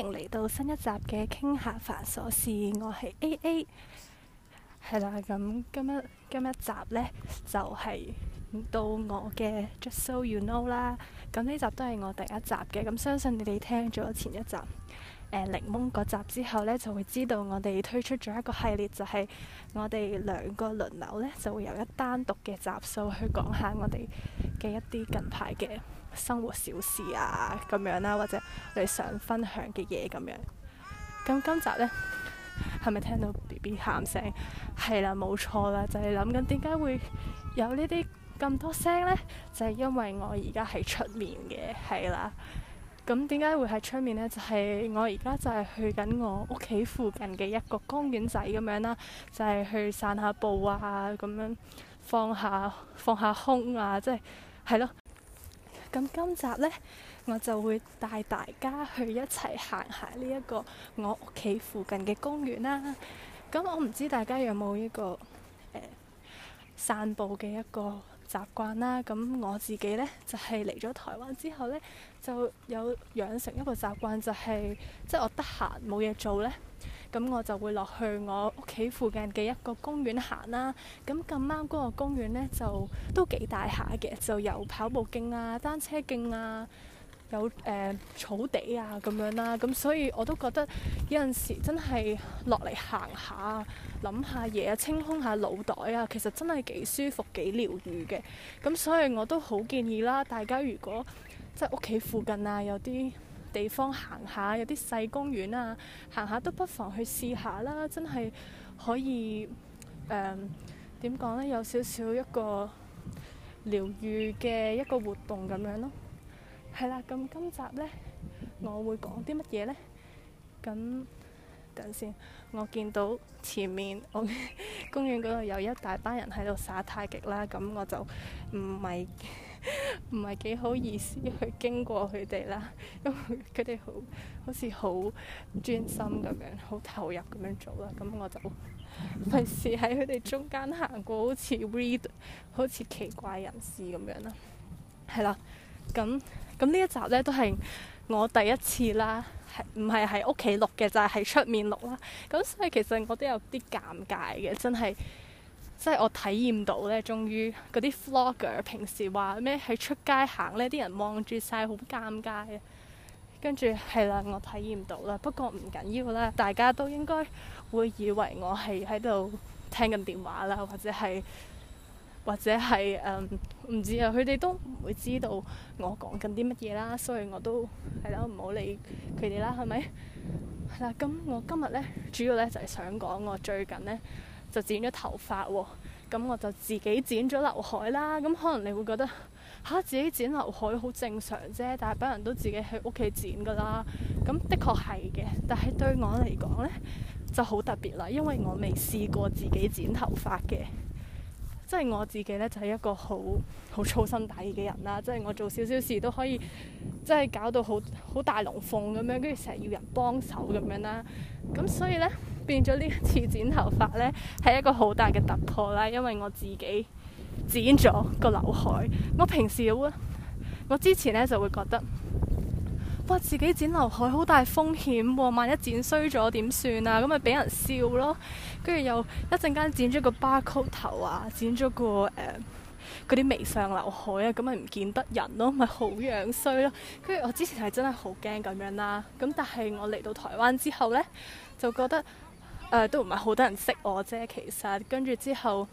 迎嚟到新一集嘅傾下煩瑣事，我係 A A，係啦，咁今日今日集呢，就係、是、到我嘅 Just So You Know 啦，咁呢集都係我第一集嘅，咁相信你哋聽咗前一集誒檸、呃、檬嗰集之後呢，就會知道我哋推出咗一個系列，就係、是、我哋兩個輪流呢，就會由一單獨嘅集數去講下我哋嘅一啲近排嘅。生活小事啊，咁樣啦，或者你想分享嘅嘢咁樣。咁今集咧，係咪聽到 BB 喊聲？係啦，冇錯啦，就係諗緊點解會有呢啲咁多聲咧？就係因為我而家喺出面嘅，係啦。咁點解會喺出面咧？就係我而家就係去緊我屋企附近嘅一個公園仔咁樣啦，就係去散下步啊，咁樣放下放下空啊，即係係咯。咁今集呢，我就會帶大家去一齊行下呢一個我屋企附近嘅公園啦。咁我唔知大家有冇呢個、呃、散步嘅一個習慣啦。咁我自己呢，就係嚟咗台灣之後呢，就有養成一個習慣、就係，就係即係我得閒冇嘢做呢。咁我就會落去我屋企附近嘅一個公園行啦。咁咁啱嗰個公園呢，就都幾大下嘅，就有跑步徑啊、單車徑啊，有誒、呃、草地啊咁樣啦、啊。咁所以我都覺得有陣時真係落嚟行下、諗下嘢、清空下腦袋啊，其實真係幾舒服、幾療癒嘅。咁所以我都好建議啦，大家如果即係屋企附近啊有啲地方行下，有啲細公園啊，行下都不妨去試下啦，真係可以誒，點講呢？有少少一個療癒嘅一個活動咁樣咯。係啦，咁今集呢，我會講啲乜嘢呢？咁等先，我見到前面我公園嗰度有一大班人喺度耍太極啦，咁我就唔係。唔係幾好意思去經過佢哋啦，因為佢哋好好似好專心咁樣，好投入咁樣做啦，咁、嗯、我就費事喺佢哋中間行過，好似 read，好似奇怪人士咁樣啦，係啦，咁咁呢一集咧，都係我第一次啦，係唔係喺屋企錄嘅，就係喺出面錄啦，咁所以其實我都有啲尷尬嘅，真係。即係我體驗到咧，終於嗰啲 vlogger 平時話咩喺出街行咧，啲人望住晒好尷尬嘅。跟住係啦，我體驗到啦，不過唔緊要啦，大家都應該會以為我係喺度聽緊電話啦，或者係或者係誒唔知啊，佢哋都唔會知道我講緊啲乜嘢啦，所以我都係咯，唔好理佢哋啦，係咪？係啦，咁我今日咧主要咧就係想講我最近咧。就剪咗頭髮喎、哦，咁我就自己剪咗劉海啦。咁可能你會覺得嚇、啊、自己剪劉海好正常啫，但係本人都自己去屋企剪㗎啦。咁的確係嘅，但係對我嚟講呢，就好特別啦，因為我未試過自己剪頭髮嘅。即、就、係、是、我自己呢，就係、是、一個好好粗心大意嘅人啦。即、就、係、是、我做少少事都可以，即、就、係、是、搞到好好大龍鳳咁樣，跟住成日要人幫手咁樣啦。咁所以呢。變咗呢一次剪頭髮咧，係一個好大嘅突破啦，因為我自己剪咗個劉海。我平時會，我之前咧就會覺得，哇，自己剪劉海好大風險喎，萬一剪衰咗點算啊？咁咪俾人笑咯。跟住又一陣間剪咗個 barcode 頭啊，剪咗個誒嗰啲眉上劉海啊，咁咪唔見得人咯，咪好樣衰咯。跟住我之前係真係好驚咁樣啦。咁但係我嚟到台灣之後咧，就覺得。誒、呃、都唔係好多人識我啫，其實跟住之後，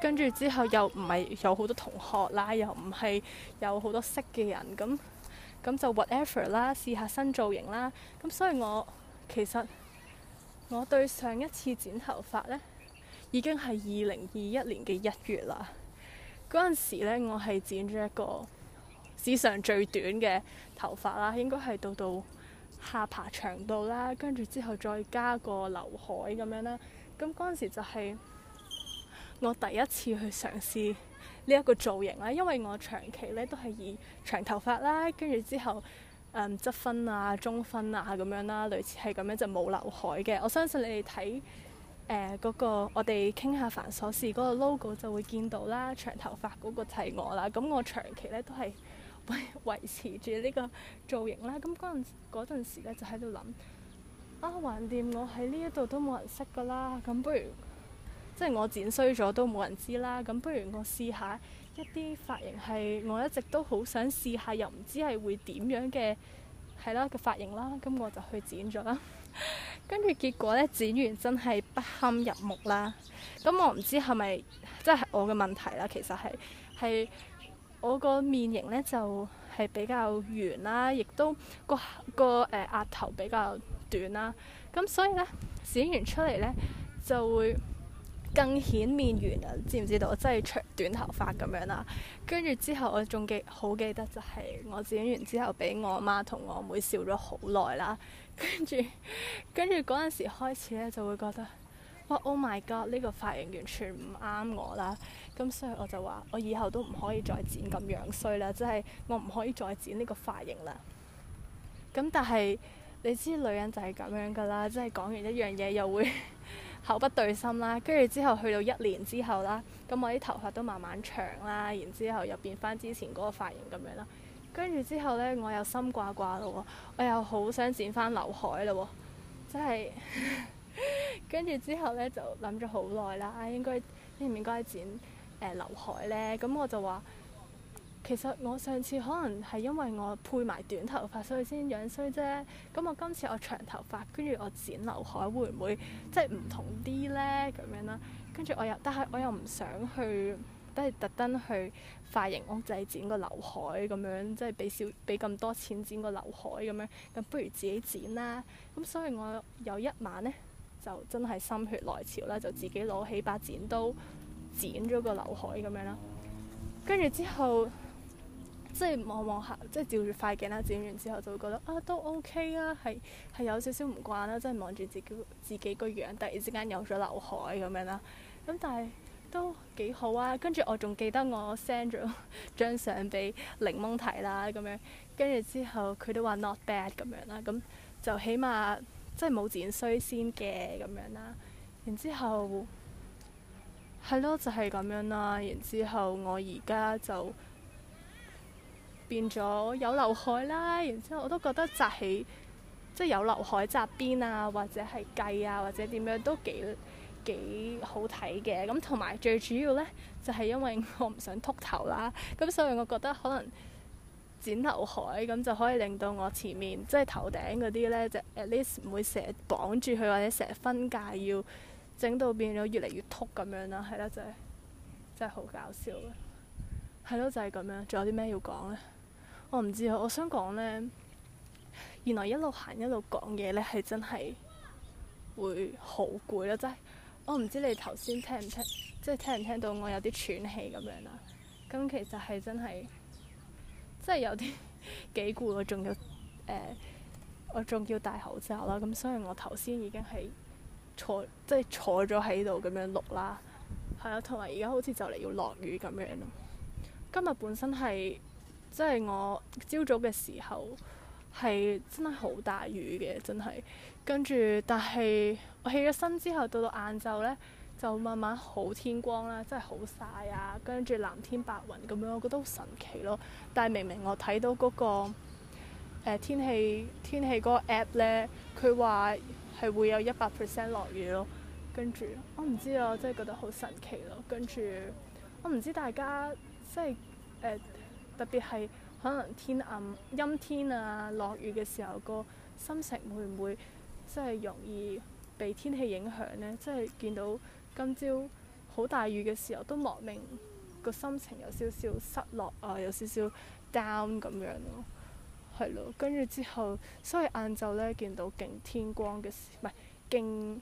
跟住之後又唔係有好多同學啦，又唔係有好多識嘅人，咁咁就 whatever 啦，試下新造型啦。咁所以我其實我對上一次剪頭髮呢，已經係二零二一年嘅一月啦。嗰陣時呢，我係剪咗一個史上最短嘅頭髮啦，應該係到到，下巴長度啦，跟住之後再加個劉海咁樣啦。咁嗰陣時就係我第一次去嘗試呢一個造型啦，因為我長期咧都係以長頭髮啦，跟住之後嗯，側分啊、中分啊咁樣啦，類似係咁樣就冇劉海嘅。我相信你哋睇誒嗰個我哋傾下繁瑣事嗰個 logo 就會見到啦，長頭髮嗰個就係我啦。咁我長期咧都係維持住呢個造型啦。咁嗰陣嗰時咧就喺度諗，啊橫掂我喺呢一度都冇人識噶啦，咁不如即係我剪衰咗都冇人知啦，咁不如我試一下一啲髮型係我一直都好想試下又，又唔知係會點樣嘅係啦個髮型啦，咁我就去剪咗啦。跟 住結果咧剪完真係不堪入目啦，咁我唔知係咪即係我嘅問題啦，其實係係。我個面型咧就係、是、比較圓啦、啊，亦都個個誒、呃、額頭比較短啦、啊，咁所以咧剪完出嚟咧就會更顯面圓啊！知唔知道？我真係長短頭髮咁樣啦、啊，跟住之後我仲記好記得就係我剪完之後俾我媽同我妹笑咗好耐啦，跟住跟住嗰陣時開始咧就會覺得哇！Oh my god！呢個髮型完全唔啱我啦～咁所以我就話：我以後都唔可以再剪咁樣衰啦，即係我唔可以再剪呢個髮型啦。咁但係你知女人就係咁樣㗎啦，即係講完一樣嘢又會 口不對心啦。跟住之後去到一年之後啦，咁我啲頭髮都慢慢長啦，然之後又變翻之前嗰個髮型咁樣啦。跟住之後呢，我又心掛掛咯，我又好想剪翻劉海啦，真係跟住之後呢，就諗咗好耐啦，啊，應該應唔應該剪？誒，留海咧，咁我就話，其實我上次可能係因為我配埋短頭髮，所以先樣衰啫。咁我今次我長頭髮，跟住我剪留海，會唔會即係唔同啲咧？咁樣啦，跟住我又，但係我又唔想去，即係特登去髮型屋仔剪個留海咁樣，即係俾少俾咁多錢剪個留海咁樣，咁不如自己剪啦。咁所以我有一晚咧，就真係心血來潮啦，就自己攞起把剪刀。剪咗個劉海咁樣啦，跟住之後，即係望望下，即係照住塊鏡啦，剪完之後就會覺得啊都 OK 啊，係係有少少唔慣啦，即係望住自己自己個樣，突然之間有咗劉海咁樣啦。咁但係都幾好啊。跟住我仲記得我 send 咗張相俾檸檬睇啦，咁樣跟住之後佢都話 not bad 咁樣啦。咁就起碼即係冇剪衰先嘅咁樣啦。然之後。係咯，就係咁樣啦。然之後我而家就變咗有劉海啦。然之後我都覺得紮起，即係有劉海紮邊啊，或者係髻啊，或者點樣都幾幾好睇嘅。咁同埋最主要呢，就係因為我唔想禿頭啦。咁所以我覺得可能剪劉海咁就可以令到我前面即係頭頂嗰啲呢，就 at least 唔會成日綁住佢，或者成日分界要，整到變咗越嚟越凸咁樣啦，係啦，就係，真係好搞笑嘅，係咯，就係咁樣。仲有啲咩要講咧？我唔知，啊，我想講咧，原來一路行一路講嘢咧，係真係會好攰咯。真係，我唔知你頭先聽唔聽，即係聽唔聽到我有啲喘氣咁樣啦。咁其實係真係，即係有啲幾攰，我仲要誒，我仲要戴口罩啦。咁所以我頭先已經係。坐即係坐咗喺度咁樣錄啦，係啊，同埋而家好似就嚟要落雨咁樣咯。今日本身係即係我朝早嘅時候係真係好大雨嘅，真係跟住，但係我起咗身之後到到晏晝咧，就慢慢好天光啦，真係好晒啊！跟住藍天白雲咁樣，我覺得好神奇咯。但係明明我睇到嗰、嗰個、呃、天氣天氣嗰個 app 咧，佢話，係會有一百 percent 落雨咯，跟住我唔知啊，我真係覺得好神奇咯。跟住我唔知大家即係誒、呃、特別係可能天暗陰天啊落雨嘅時候個心情會唔會即係容易被天氣影響呢？即係見到今朝好大雨嘅時候，都莫名個心情有少少失落啊，有少少 down 咁樣咯。係咯，跟住之後，所以晏晝咧見到勁天光嘅時，唔係勁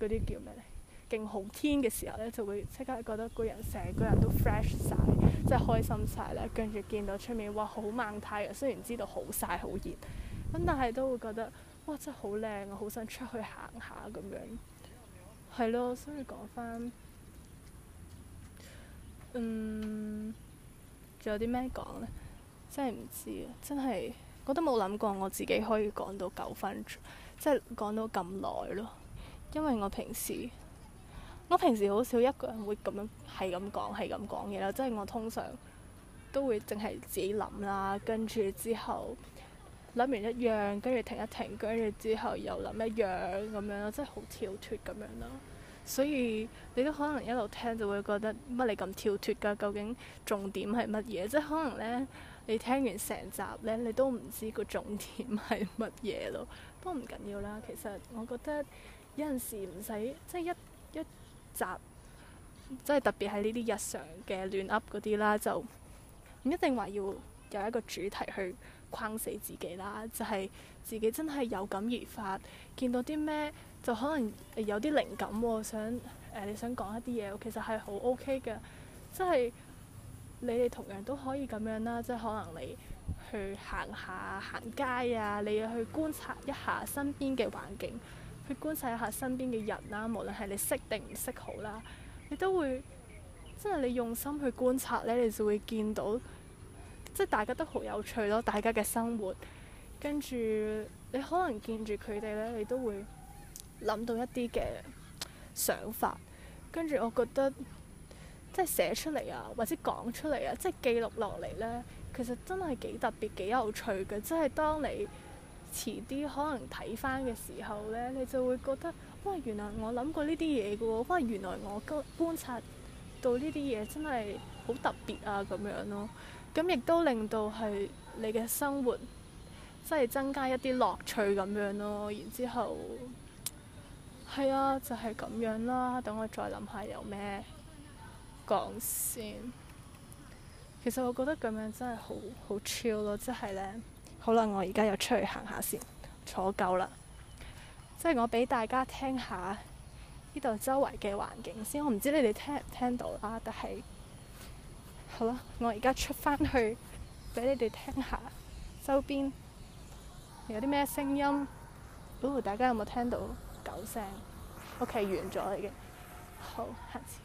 嗰啲叫咩咧？勁好天嘅時候咧，就會即刻覺得個人成個人都 fresh 晒，即係開心晒啦。跟住見到出面，哇！好猛太陽，雖然知道好曬好熱，咁但係都會覺得哇！真係好靚，我好想出去行下咁樣。係咯，所以講返，嗯，仲有啲咩講咧？真係唔知啊！真係～我都冇諗過我自己可以講到九分鐘，即係講到咁耐咯。因為我平時，我平時好少一個人會咁樣係咁講係咁講嘢啦。即係我通常都會淨係自己諗啦，跟住之後諗完一樣，跟住停一停，跟住之後又諗一樣咁樣咯。即係好跳脱咁樣咯。所以你都可能一路聽就會覺得乜你咁跳脱㗎？究竟重點係乜嘢？即係可能呢。你聽完成集咧，你都唔知個重點係乜嘢咯，都唔緊要啦。其實我覺得有陣時唔使即係一一集，即係特別係呢啲日常嘅亂噏嗰啲啦，就唔一定話要有一個主題去框死自己啦。就係自己真係有感而發，見到啲咩就可能有啲靈感喎，想誒你想講一啲嘢，其實係好 OK 嘅，即係。你哋同樣都可以咁樣啦，即係可能你去行下行街啊，你去觀察一下身邊嘅環境，去觀察一下身邊嘅人啦，啊，無論係你識定唔識好啦，你都會即係你用心去觀察咧，你就會見到即係大家都好有趣咯，大家嘅生活，跟住你可能見住佢哋咧，你都會諗到一啲嘅想法，跟住我覺得。即係寫出嚟啊，或者講出嚟啊，即係記錄落嚟呢，其實真係幾特別、幾有趣嘅。即係當你遲啲可能睇翻嘅時候呢，你就會覺得，喂，原來我諗過呢啲嘢嘅喎，喂，原來我觀察到呢啲嘢真係好特別啊咁樣咯。咁亦都令到係你嘅生活即係增加一啲樂趣咁樣咯。然之後係啊，就係咁樣啦。等我再諗下有咩。講先，其實我覺得咁樣真係好好 chill 咯，即係咧，好啦，我而家又出去行下先，坐夠啦，即係我俾大家聽下呢度周圍嘅環境先，我唔知你哋聽唔聽到啦，但係好啦，我而家出翻去俾你哋聽下周邊有啲咩聲音，哦，大家有冇聽到狗聲？OK，完咗啦，已經，好，下次。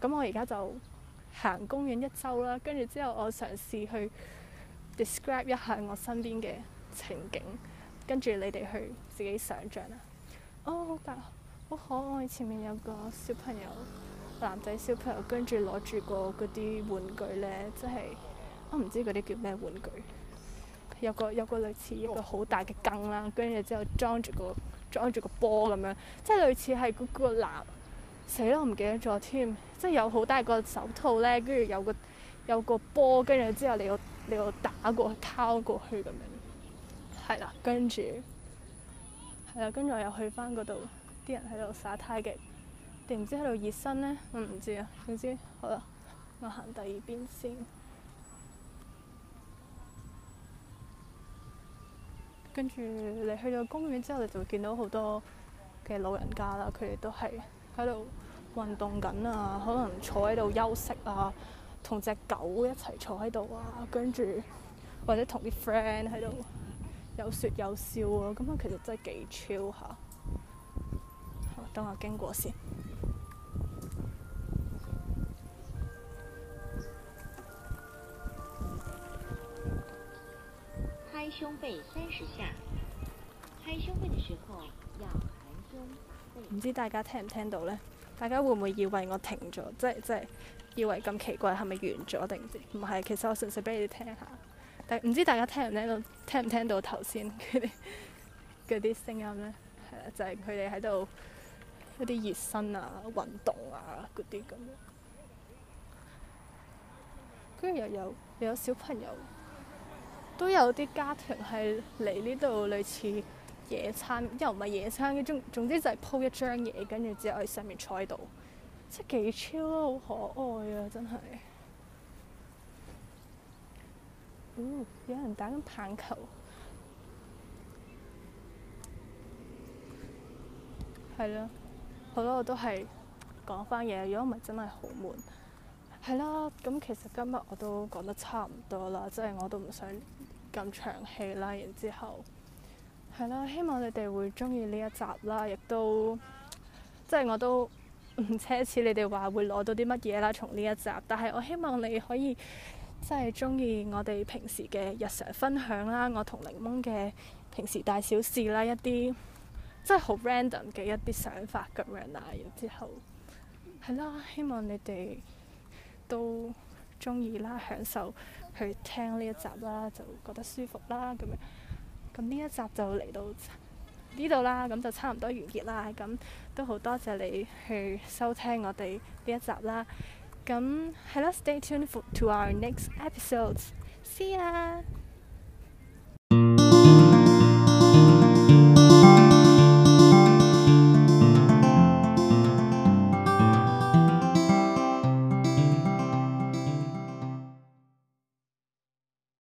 咁、嗯、我而家就行公園一周啦，跟住之後我嘗試去 describe 一下我身邊嘅情景，跟住你哋去自己想像啦。哦，好大，好可愛！前面有個小朋友，男仔小朋友，跟住攞住個嗰啲玩具咧，即係我唔知嗰啲叫咩玩具。有個有個類似一個好大嘅羹啦，跟住之後裝住個裝住個波咁樣，即係類似係嗰個籃。死啦！我唔記得咗添，即係有好大個手套咧，跟住有個有個波，跟住之後你要你要打過，敲過去，拋過去咁樣，係啦。跟住係啦，跟住我又去翻嗰度，啲人喺度耍太極，定唔知喺度熱身咧？我唔知啊。總之好啦，我行第二邊先。跟住你去到公園之後，你就會見到好多嘅老人家啦。佢哋都係。喺度運動緊啊，可能坐喺度休息啊，同隻狗一齊坐喺度啊，跟住或者同啲 friend 喺度有説有笑啊，咁樣其實真係幾 chill 下。好，等我經過先。拍胸背三十下。拍胸背嘅時候要。唔知大家聽唔聽到呢？大家會唔會以為我停咗？即係即係以為咁奇怪，係咪完咗定唔係？其實我純粹俾你哋聽下。但係唔知大家聽唔聽到？聽唔聽到頭先佢哋啲聲音呢？係啦，就係佢哋喺度一啲熱身啊、運動啊嗰啲咁樣。跟住又有又有小朋友，都有啲家庭係嚟呢度類似。野餐，又唔係野餐，總總之就係鋪一張嘢，跟住之後喺上面坐喺度，即係幾 chill 咯，好可愛啊，真係、哦。有人打緊棒球。係咯，好啦我都係講翻嘢，如果唔係真係好悶。係咯，咁其實今日我都講得差唔多啦，即係我都唔想咁長氣啦，然之後。係啦，希望你哋會中意呢一集啦，亦都即係我都唔奢侈，你哋話會攞到啲乜嘢啦？從呢一集，但係我希望你可以即係中意我哋平時嘅日常分享啦，我同檸檬嘅平時大小事啦，一啲即係好 random 嘅一啲想法咁樣啦。然之後，係啦，希望你哋都中意啦，享受去聽呢一集啦，就覺得舒服啦咁樣。咁呢一集就嚟到呢度啦，咁就差唔多完結啦。咁都好多謝你去收聽我哋呢一集啦。咁係啦，stay tuned for to our next episodes。See ya.